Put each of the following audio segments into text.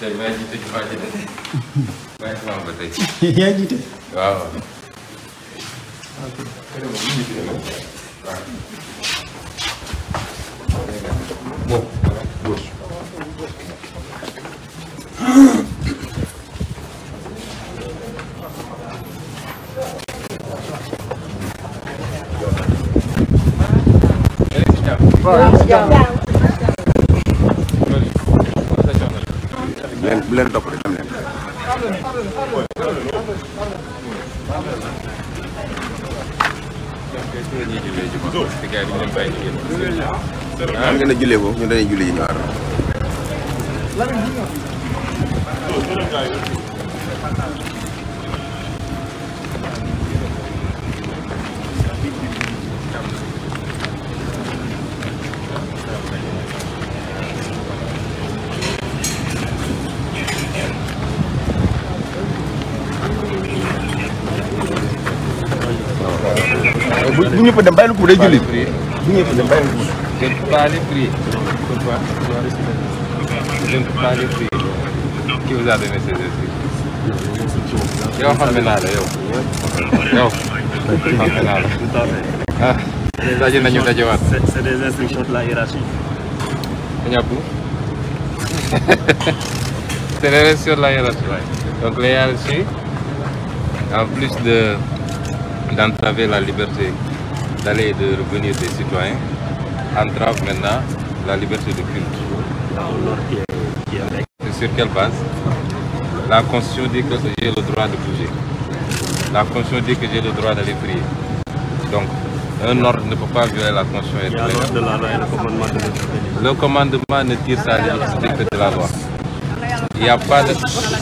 tey maa ngi jiite jumaa ji de maa ngi imaam ba tey. yaa ngi jiite. waaw. waaw. bu leen topp dem leen ah ngeen a jullee boobu ñu dañuy jullee ji ñu bu ñëpp dem bàyyi la ko day julli bu ñëpp dem bàyyi la ko je ne peux pas les prier pourquoi je ne peux pas les prier qui vous a donné ces esprits yow xam naa la yow yow xam naa la ah daje nañu dajewaat c'est des instructions de la hiérarchie ñàppu c'est des instructions de la hiérarchie donc la hiérarchie en plus de d'entraver la liberté d'aller et de revenir des citoyens entrave maintenant la liberté de culte. C'est sur quelle base La Constitution dit que j'ai le droit de bouger. La Constitution dit que j'ai le droit d'aller Donc, un ordre ne peut pas violer la Constitution. Et a l'ordre de la loi et le commandement ne tire sa liberté que de la loi. Il n'y a pas de...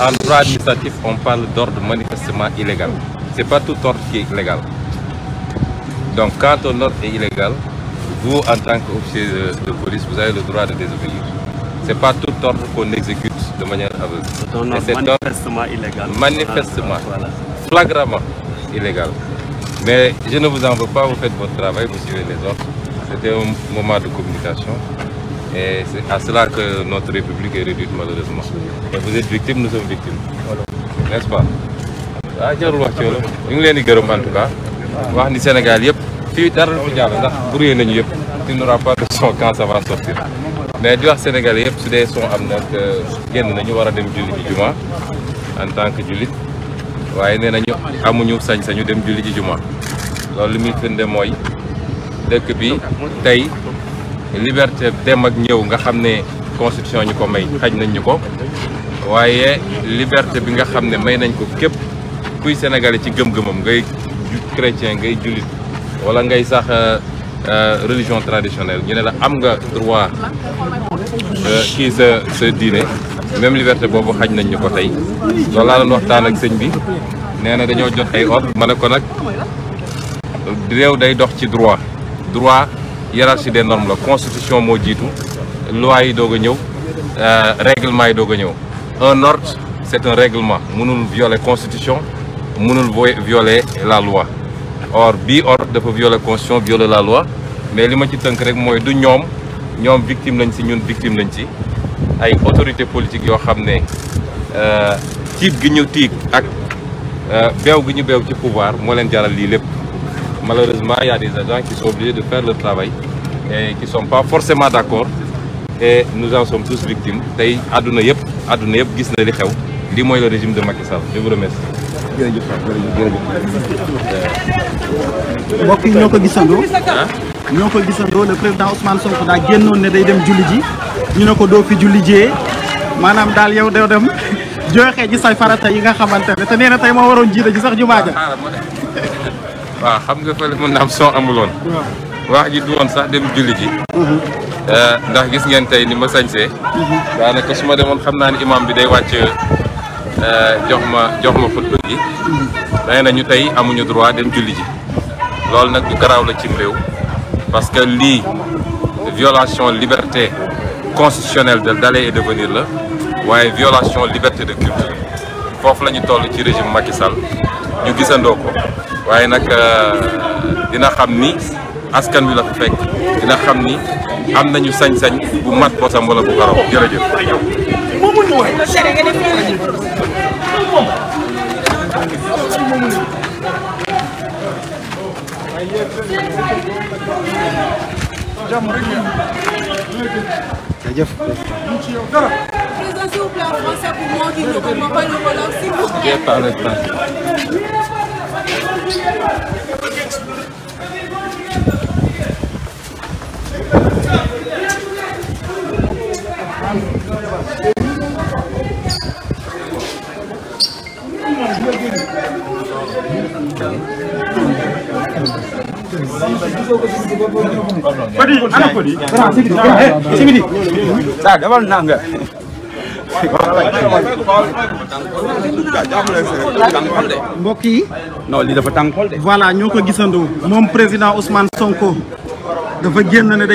En administratif, on parle d'ordre manifestement illégal. C'est pas tout ordre qui est illégal. Donc quand un ordre est illégal, vous en tant qu'officier de, de, police, vous avez le droit de désobéir. Ce pas tout ordre qu'on exécute de manière aveugle. C'est un ah, flagramment illégal. Mais je ne vous en pas, vous faites votre travail, vous suivez les ordres. C'était un moment de communication. Et c'est à cela que notre République est réduite malheureusement. Et vous êtes victime, nous sommes victimes. N'est-ce pas ah jarul wax ci loolu ñu ngi leen di gërëm en tout wax ni Sénégal yëpp fii dara du fi jàll ndax brouillé nañu yëpp il n'aura pas de son quand ça va sortir mais di wax Sénégal yëpp su dee son am nag génn nañu war a dem julli ji juma en tant que jullit waaye nee nañu amuñu sañ-sañu dem julli ji juma loolu li muy firnde mooy dëkk bi tey liberté dem ak ñëw nga xam ne constitution ñu ko may xañ nañ ñu ko waaye liberté bi nga xam ne may nañ ko képp kuy sénégalais ci gëm-gëmam ngay chrétien ngay jullit wala ngay sax euh, euh, religion traditionnelle ñu ne la am nga droit kii euh, sa sa diine même liberté boobu xaj nañ ñu ko tey loolu la doon waxtaan ak sëñ bi nee na dañoo jot ay ordre ma ne ko nag réew day dox ci droit droit hiérarchie des normes la constitution moo jiitu loi yi doog a ñëw règlement yi doog a ñëw un ordre c'est un règlement mënul violer constitution mënul violer la loi or bii or dafa violer constitution violer la loi mais li ma ci tënk rek mooy du ñoom ñoom victime lañ ci ñun victime lañ ci ay autorité politique yoo xam ne euh, tiit gi ñu tiit ak euh, beew gi ñu beew ci pouvoir moo leen jaral lii lépp malheureusement y a des agents qui sont obligés de faire leur travail et qui sont pas forcément d'accord et nous en sommes tous victimes tey àdduna yëpp àdduna yëpp gis na li xew lii mooy le régime de Macky Sall jërëjëf jërëjëf jërëjëf. yi ñoo ko gisandoo. ñoo ko gisandoo le président soo Sonko daa génnoon ne day dem julli ji ñu ne ko doo fi julli jiyee maanaam daal yow doo dem joxe ji say farata yi nga xamante ne te nee na tey moo waroon jiite ji sax jumaa ja. Ah, waaw xam nga fële mën na am son amuloon. wax ji du woon sax dem julli ji. Mhm. Eh, ndax gis ngeen tey ni ma sañsee. Mhm. daanaka su ma demoon xam naa ne imam bi day wàcc. Euh, jox ma jox ma football gi nee nañu tey amuñu droit dem julli ji loolu nag du garaaw la cim réew parce que lii violation liberté constitutionnelle de d'aller et de la waaye violation liberté de culte foofu la ñu toll ci régime Macky Sall ñu gisandoo ko waaye nag euh, dina xam ni askan wi la ko dina xam ni am nañu sañ-sañ bu mat bosam wala bu garaw jërëjëf jërëjëf. président s'il vous plaît en français pour moi qui ne comprend pas le wolof s'il vous plaît. Je parle pas. Thank you. Fodi ana Fodi. Sibidi. lii dafa tànkool de. voilà ñoo ko gisandoo. moom président Ousmane Sonko. dafa génn ne day.